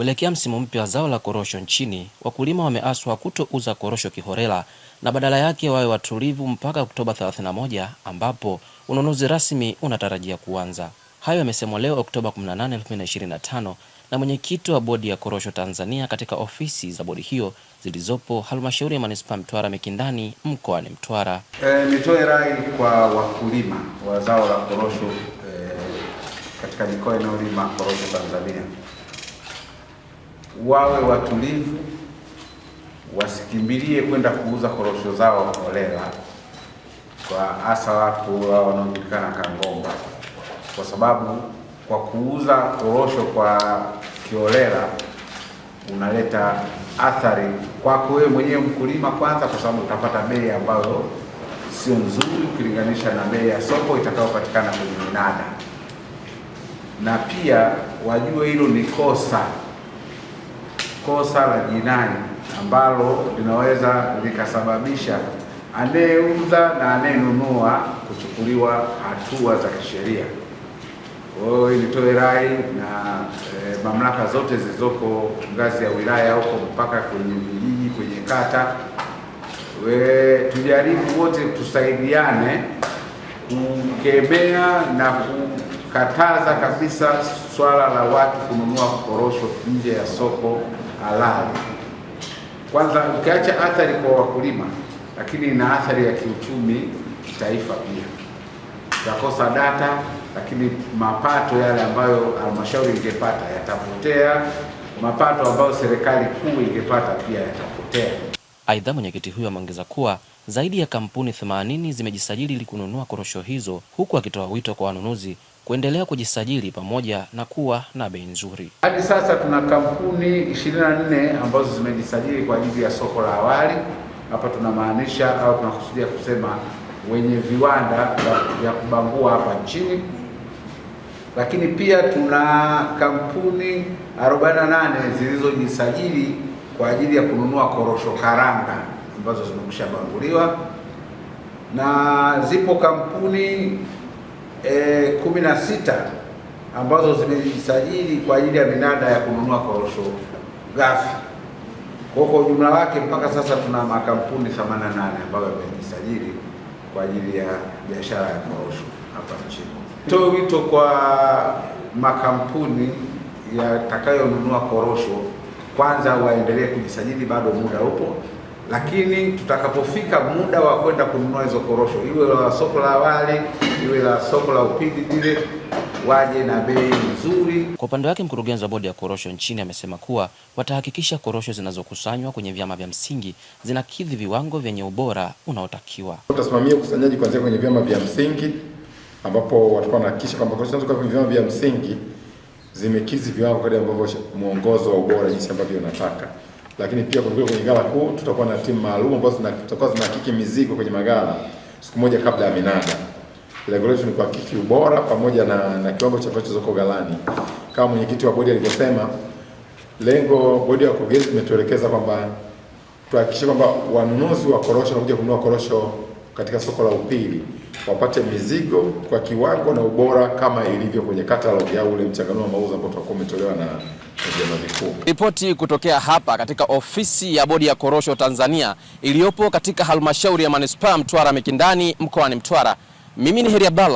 Kuelekea msimu mpya wa zao la korosho nchini, wakulima wameaswa kutouza korosho kiholela na badala yake wawe watulivu mpaka Oktoba 31 ambapo ununuzi rasmi unatarajia kuanza. Hayo yamesemwa leo Oktoba 18, 2025 na mwenyekiti wa Bodi ya Korosho Tanzania katika ofisi za bodi hiyo zilizopo halmashauri ya manispaa Mtwara Mikindani mkoani Mtwara. E, nitoe rai kwa wakulima wa zao la korosho e, katika mikoa inayolima korosho Tanzania wawe watulivu, wasikimbilie kwenda kuuza korosho zao holela, kwa hasa watu wao wanaojulikana Kangomba, kwa sababu kwa kuuza korosho kwa kiholela unaleta athari kwako wewe mwenyewe mkulima, kwanza kwa sababu utapata bei ambayo sio nzuri ukilinganisha na bei ya soko itakayopatikana kwenye minada, na pia wajue hilo ni kosa kosa la jinai ambalo linaweza likasababisha anayeuza na anayenunua kuchukuliwa hatua za kisheria. Kwa hiyo nitoe rai na e, mamlaka zote zilizoko ngazi ya wilaya huko mpaka kwenye vijiji, kwenye kata, we tujaribu wote tusaidiane kukemea na kukataza kabisa swala la watu kununua korosho nje ya soko halali. Kwanza ukiacha athari kwa wakulima, lakini ina athari ya kiuchumi taifa pia. Utakosa data, lakini mapato yale ambayo halmashauri ingepata yatapotea, mapato ambayo serikali kuu ingepata pia yatapotea. Aidha, mwenyekiti huyo ameongeza kuwa zaidi ya kampuni 80 zimejisajili ili kununua korosho hizo, huku akitoa wito kwa wanunuzi kuendelea kujisajili pamoja na kuwa na bei nzuri. Hadi sasa tuna kampuni 24 ambazo zimejisajili kwa ajili ya soko la awali. Hapa tunamaanisha au tunakusudia kusema wenye viwanda vya kubangua hapa nchini, lakini pia tuna kampuni 48 zilizojisajili kwa ajili ya kununua korosho karanga ambazo zimekwisha banguliwa na zipo kampuni e, kumi na sita ambazo zimejisajili kwa ajili ya minada ya kununua korosho ghafi. Kwa kwa ujumla wake mpaka sasa tuna makampuni 88 ambayo yamejisajili kwa ajili ya biashara ya korosho hapa nchini. Nitoe wito kwa makampuni yatakayonunua korosho, kwanza waendelee kujisajili, bado muda upo lakini tutakapofika muda wa kwenda kununua hizo korosho, iwe la soko la awali, iwe la soko la upili, vile waje na bei nzuri. Kwa upande wake, mkurugenzi wa bodi ya korosho nchini amesema kuwa watahakikisha korosho zinazokusanywa kwenye vyama vya msingi zinakidhi viwango vyenye ubora unaotakiwa. Tutasimamia ukusanyaji kuanzia kwenye vyama vya msingi, ambapo watakuwa wanahakikisha kwamba korosho zinazokuwa kwenye vyama vya msingi zimekidhi viwango kadri ambavyo mwongozo wa ubora jinsi ambavyo unataka lakini pia kwa kwenye gala kuu tutakuwa na timu maalum ambazo zitakuwa zinahakiki mizigo kwenye magala siku moja kabla ya minada. Lengo letu ni kuhakiki ubora pamoja na, na kiwango cha kocha zilizoko galani. Kama mwenyekiti wa bodi alivyosema, lengo bodi ya kurugenzi imetuelekeza kwamba tuhakikishe kwamba wanunuzi wa korosho wanakuja kununua korosho katika soko la Upili wapate mizigo kwa kiwango na ubora kama ilivyo kwenye katalogi au ule mchanganuo wa mauzo ambao tutakuwa umetolewa na vyama vikuu. Ripoti kutokea hapa katika ofisi ya bodi ya korosho Tanzania iliyopo katika halmashauri ya manispaa Mtwara Mikindani mkoani Mtwara. Mimi ni Heri Abdalla.